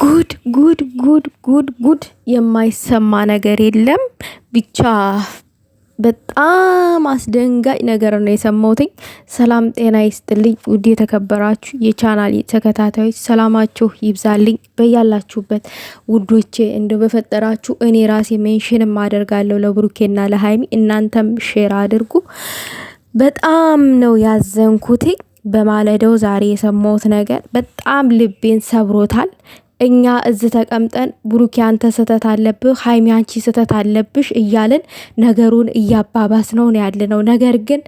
ጉድ ጉድ ጉድ ጉድ ጉድ የማይሰማ ነገር የለም። ብቻ በጣም አስደንጋጭ ነገር ነው የሰማሁትኝ። ሰላም ጤና ይስጥልኝ። ውድ የተከበራችሁ የቻናል ተከታታዮች ሰላማችሁ ይብዛልኝ በያላችሁበት ውዶቼ። እንደ በፈጠራችሁ እኔ ራሴ ሜንሽንም አደርጋለሁ ለብሩኬና ለሀይሚ፣ እናንተም ሼር አድርጉ። በጣም ነው ያዘንኩትኝ። በማለደው ዛሬ የሰማሁት ነገር በጣም ልቤን ሰብሮታል። እኛ እዚ ተቀምጠን ብሩኪ አንተ ስህተት አለብህ፣ ሀይሚ አንቺ ስህተት አለብሽ እያልን ነገሩን እያባባስ ነው ነው ያለ ነው። ነገር ግን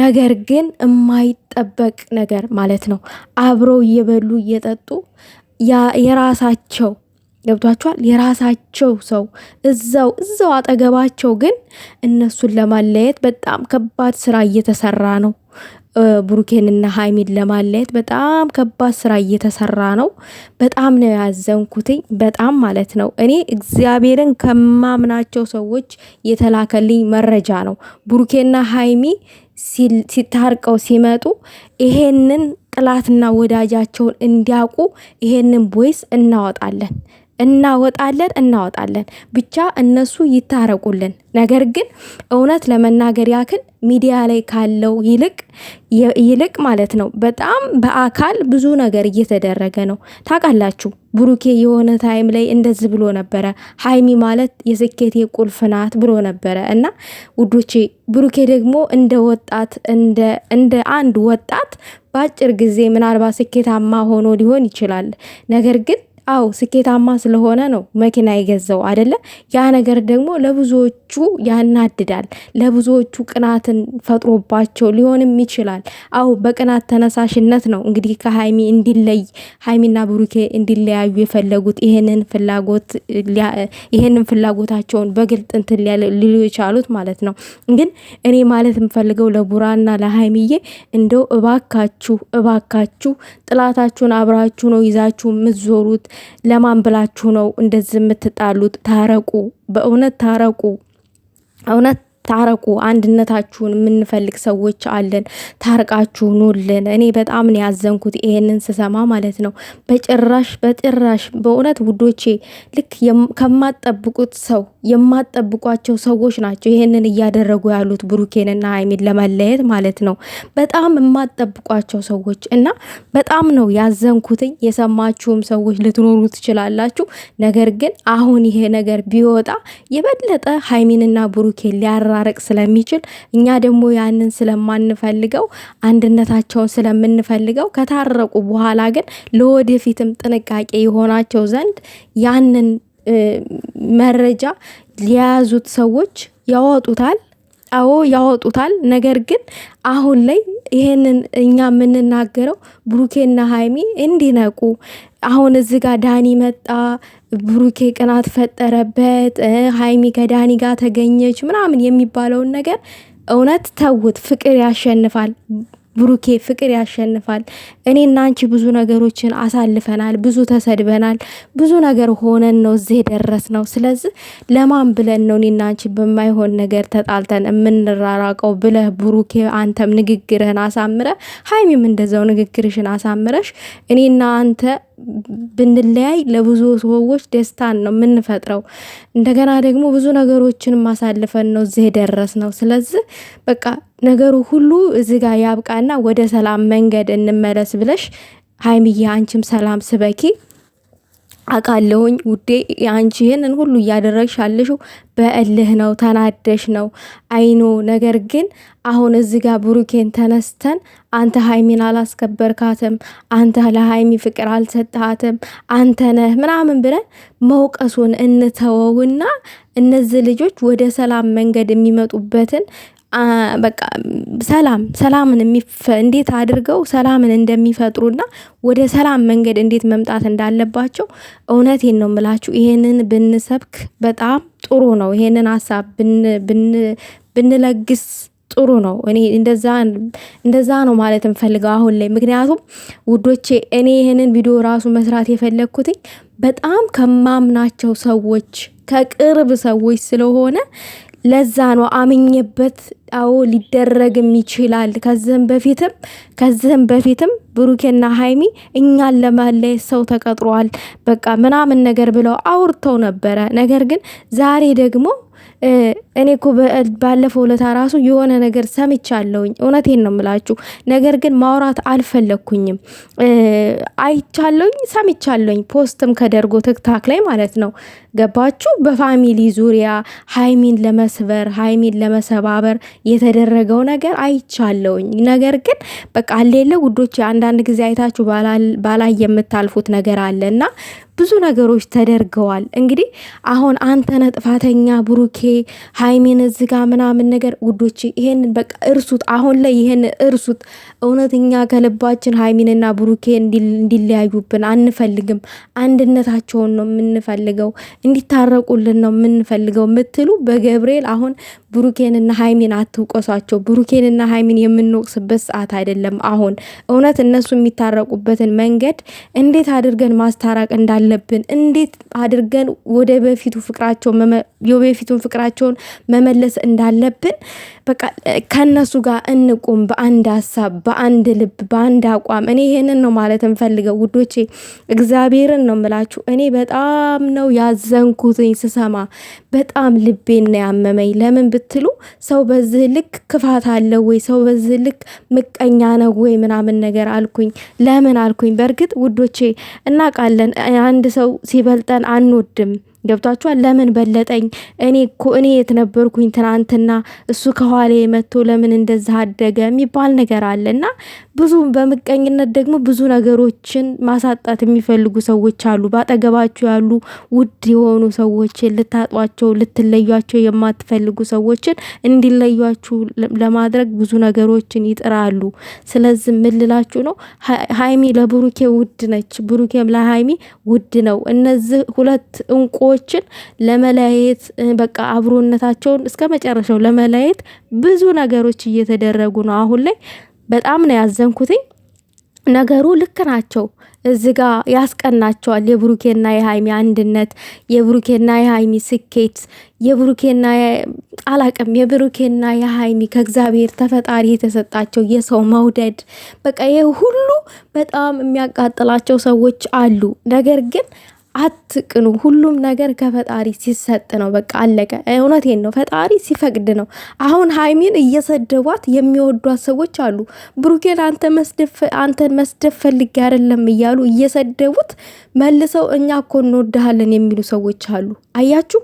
ነገር ግን የማይጠበቅ ነገር ማለት ነው። አብረው እየበሉ እየጠጡ የራሳቸው ገብቷቸዋል። የራሳቸው ሰው እዛው እዛው አጠገባቸው፣ ግን እነሱን ለማለየት በጣም ከባድ ስራ እየተሰራ ነው። ብሩኬንና ሀይሚን ለማለየት በጣም ከባድ ስራ እየተሰራ ነው። በጣም ነው ያዘንኩትኝ፣ በጣም ማለት ነው። እኔ እግዚአብሔርን ከማምናቸው ሰዎች የተላከልኝ መረጃ ነው። ብሩኬና ሀይሚ ሲታርቀው ሲመጡ ይሄንን ጥላትና ወዳጃቸውን እንዲያውቁ ይሄንን ቦይስ እናወጣለን። እናወጣለን እናወጣለን። ብቻ እነሱ ይታረቁልን። ነገር ግን እውነት ለመናገር ያክል ሚዲያ ላይ ካለው ይልቅ ይልቅ ማለት ነው በጣም በአካል ብዙ ነገር እየተደረገ ነው። ታውቃላችሁ ብሩኬ የሆነ ታይም ላይ እንደዚህ ብሎ ነበረ፣ ሀይሚ ማለት የስኬቴ ቁልፍ ናት ብሎ ነበረ እና ውዶቼ ብሩኬ ደግሞ እንደ ወጣት እንደ አንድ ወጣት በአጭር ጊዜ ምናልባት ስኬታማ ሆኖ ሊሆን ይችላል ነገር ግን አዎ ስኬታማ ስለሆነ ነው መኪና የገዛው አደለ? ያ ነገር ደግሞ ለብዙዎቹ ያናድዳል። ለብዙዎቹ ቅናትን ፈጥሮባቸው ሊሆንም ይችላል። አዎ በቅናት ተነሳሽነት ነው እንግዲህ ከሀይሚ እንዲለይ ሀይሚና ብሩኬ እንዲለያዩ የፈለጉት ይሄንን ፍላጎት ይሄንን ፍላጎታቸውን በግልጥ እንትን ሊሉ የቻሉት ማለት ነው። ግን እኔ ማለት የምፈልገው ለቡራና ለሀይሚዬ እንደው እባካችሁ እባካችሁ ጥላታችሁን አብራችሁ ነው ይዛችሁ የምትዞሩት ለማን ብላችሁ ነው እንደዚህ የምትጣሉት? ታረቁ፣ በእውነት ታረቁ። እውነት ታረቁ አንድነታችሁን የምንፈልግ ሰዎች አለን። ታርቃችሁ ኑልን። እኔ በጣም ነው ያዘንኩት ይሄንን ስሰማ ማለት ነው። በጭራሽ በጭራሽ በእውነት ውዶቼ፣ ልክ ከማጠብቁት ሰው የማጠብቋቸው ሰዎች ናቸው ይሄንን እያደረጉ ያሉት ብሩኬንና ሀይሚን ለመለየት ማለት ነው። በጣም የማጠብቋቸው ሰዎች እና በጣም ነው ያዘንኩትኝ። የሰማችሁም ሰዎች ልትኖሩ ትችላላችሁ። ነገር ግን አሁን ይሄ ነገር ቢወጣ የበለጠ ሀይሚንና ብሩኬን ሊያ ሊፈራረቅ ስለሚችል እኛ ደግሞ ያንን ስለማንፈልገው አንድነታቸውን ስለምንፈልገው ከታረቁ በኋላ ግን ለወደፊትም ጥንቃቄ የሆናቸው ዘንድ ያንን መረጃ የያዙት ሰዎች ያወጡታል። አዎ ያወጡታል። ነገር ግን አሁን ላይ ይሄንን እኛ የምንናገረው ብሩኬና ሀይሚ እንዲነቁ አሁን እዚ ጋ ዳኒ መጣ፣ ብሩኬ ቅናት ፈጠረበት፣ ሀይሚ ከዳኒ ጋር ተገኘች ምናምን የሚባለውን ነገር እውነት ተውት። ፍቅር ያሸንፋል። ብሩኬ ፍቅር ያሸንፋል። እኔና አንቺ ብዙ ነገሮችን አሳልፈናል፣ ብዙ ተሰድበናል፣ ብዙ ነገር ሆነን ነው እዚህ ደረስ ነው። ስለዚህ ለማን ብለን ነው እኔና አንቺ በማይሆን ነገር ተጣልተን የምንራራቀው? ብለህ ብሩኬ አንተም ንግግርህን አሳምረ፣ ሀይሚም እንደዛው ንግግርሽን አሳምረሽ እኔና አንተ ብንለያይ ለብዙ ሰዎች ደስታን ነው የምንፈጥረው። እንደገና ደግሞ ብዙ ነገሮችን ማሳልፈን ነው እዚህ ደረስ ነው። ስለዚህ በቃ ነገሩ ሁሉ እዚህ ጋር ያብቃና ወደ ሰላም መንገድ እንመለስ ብለሽ ሀይምያ አንቺም ሰላም ስበኪ አቃለሁኝ ውዴ አንቺ ይህንን ሁሉ እያደረግሽ ያለሽው በእልህ ነው፣ ተናደሽ ነው አይኖ። ነገር ግን አሁን እዚ ጋር ብሩኬን ተነስተን አንተ ሀይሚን አላስከበርካትም፣ አንተ ለሀይሚ ፍቅር አልሰጣትም፣ አንተ ነህ ምናምን ብለን መውቀሱን እንተወውና እነዚህ ልጆች ወደ ሰላም መንገድ የሚመጡበትን በቃ ሰላም ሰላምን እንዴት አድርገው ሰላምን እንደሚፈጥሩና ወደ ሰላም መንገድ እንዴት መምጣት እንዳለባቸው እውነቴን ነው የምላችሁ። ይሄንን ብንሰብክ በጣም ጥሩ ነው። ይሄንን ሀሳብ ብንለግስ ጥሩ ነው። እኔ እንደዛ ነው ማለት እንፈልገው አሁን ላይ ምክንያቱም ውዶቼ እኔ ይህንን ቪዲዮ ራሱ መስራት የፈለግኩትኝ በጣም ከማምናቸው ሰዎች ከቅርብ ሰዎች ስለሆነ ለዛ ነው አምኜበት። አዎ ሊደረግም ይችላል። ከዚህም በፊትም ከዚህም በፊትም ብሩኬና ሀይሚ እኛን ለማለየት ሰው ተቀጥሯል በቃ ምናምን ነገር ብለው አውርተው ነበረ። ነገር ግን ዛሬ ደግሞ እኔ እኮ ባለፈው ለታ ራሱ የሆነ ነገር ሰምቻለሁኝ። እውነቴን ነው የምላችሁ። ነገር ግን ማውራት አልፈለግኩኝም። አይቻለሁኝ፣ ሰምቻለሁኝ። ፖስትም ከደርጎ ትክታክ ላይ ማለት ነው። ገባችሁ? በፋሚሊ ዙሪያ ሀይሚን ለመስበር ሀይሚን ለመሰባበር የተደረገው ነገር አይቻለሁኝ። ነገር ግን በቃ ሌለ ውዶች፣ አንዳንድ ጊዜ አይታችሁ ባላይ የምታልፉት ነገር አለ እና ብዙ ነገሮች ተደርገዋል። እንግዲህ አሁን አንተነ ጥፋተኛ ብሩኬ ሀይሜን እዚህ ጋ ምናምን ነገር ውዶች፣ ይሄን በቃ እርሱት። አሁን ላይ ይሄን እርሱት። እውነተኛ ከልባችን ሀይሜንና ብሩኬ እንዲለያዩብን አንፈልግም። አንድነታቸውን ነው የምንፈልገው፣ እንዲታረቁልን ነው የምንፈልገው ምትሉ በገብርኤል አሁን ብሩኬንና ሀይሚን አትውቀሷቸው። ብሩኬንና ሀይሚን የምንወቅስበት ሰዓት አይደለም አሁን። እውነት እነሱ የሚታረቁበትን መንገድ እንዴት አድርገን ማስታራቅ እንዳለብን፣ እንዴት አድርገን ወደ በፊቱ ፍቅራቸው የበፊቱን ፍቅራቸውን መመለስ እንዳለብን በቃ ከእነሱ ጋር እንቁም፣ በአንድ ሀሳብ፣ በአንድ ልብ፣ በአንድ አቋም። እኔ ይሄንን ነው ማለት እንፈልገው ውዶቼ፣ እግዚአብሔርን ነው ምላችሁ። እኔ በጣም ነው ያዘንኩትኝ ስሰማ፣ በጣም ልቤን ያመመኝ። ለምን ስትሉ ሰው በዚህ ልክ ክፋት አለ ወይ? ሰው በዚህ ልክ ምቀኛ ነው ወይ? ምናምን ነገር አልኩኝ። ለምን አልኩኝ። በእርግጥ ውዶቼ እናውቃለን፣ አንድ ሰው ሲበልጠን አንወድም። ገብቷችኋል። ለምን በለጠኝ? እኔ እኮ እኔ የት ነበርኩኝ ትናንትና? እሱ ከኋላ መጥቶ ለምን እንደዛ አደገ የሚባል ነገር አለ እና ብዙ በምቀኝነት ደግሞ ብዙ ነገሮችን ማሳጣት የሚፈልጉ ሰዎች አሉ። በአጠገባቸው ያሉ ውድ የሆኑ ሰዎችን ልታጧቸው፣ ልትለያቸው የማትፈልጉ ሰዎችን እንዲለያችሁ ለማድረግ ብዙ ነገሮችን ይጥራሉ። ስለዚህ ምልላችሁ ነው ሀይሚ ለብሩኬ ውድ ነች፣ ብሩኬም ለሀይሚ ውድ ነው። እነዚህ ሁለት እንቁ ሰዎችን ለመለያየት በቃ አብሮነታቸውን እስከ መጨረሻው ለመለያየት ብዙ ነገሮች እየተደረጉ ነው። አሁን ላይ በጣም ነው ያዘንኩትኝ። ነገሩ ልክ ናቸው። እዚ ጋ ያስቀናቸዋል። የብሩኬና የሃይሚ አንድነት፣ የብሩኬና የሃይሚ ስኬት፣ የብሩኬና አላቅም፣ የብሩኬና የሃይሚ ከእግዚአብሔር ተፈጣሪ የተሰጣቸው የሰው መውደድ፣ በቃ ይህ ሁሉ በጣም የሚያቃጥላቸው ሰዎች አሉ። ነገር ግን አትቅኑ። ሁሉም ነገር ከፈጣሪ ሲሰጥ ነው። በቃ አለቀ። እውነቴን ነው። ፈጣሪ ሲፈቅድ ነው። አሁን ሀይሚን እየሰደቧት የሚወዷት ሰዎች አሉ። ብሩኬን አንተን መስደብ ፈልጌ አይደለም እያሉ እየሰደቡት መልሰው እኛ እኮ እንወድሃለን የሚሉ ሰዎች አሉ። አያችሁ፣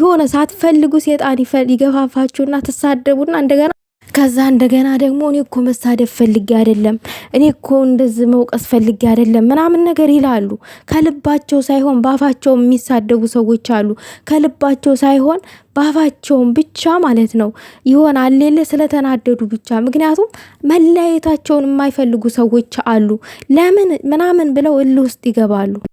የሆነ ሳትፈልጉ ሴጣን ይገፋፋችሁና ትሳደቡና እንደገና ከዛ እንደገና ደግሞ እኔ እኮ መሳደብ ፈልጌ አይደለም፣ እኔ እኮ እንደዚህ መውቀስ ፈልጌ አይደለም ምናምን ነገር ይላሉ። ከልባቸው ሳይሆን ባፋቸው የሚሳደቡ ሰዎች አሉ። ከልባቸው ሳይሆን ባፋቸውን ብቻ ማለት ነው ይሆን አሌለ ስለተናደዱ ብቻ። ምክንያቱም መለያየታቸውን የማይፈልጉ ሰዎች አሉ። ለምን ምናምን ብለው እል ውስጥ ይገባሉ።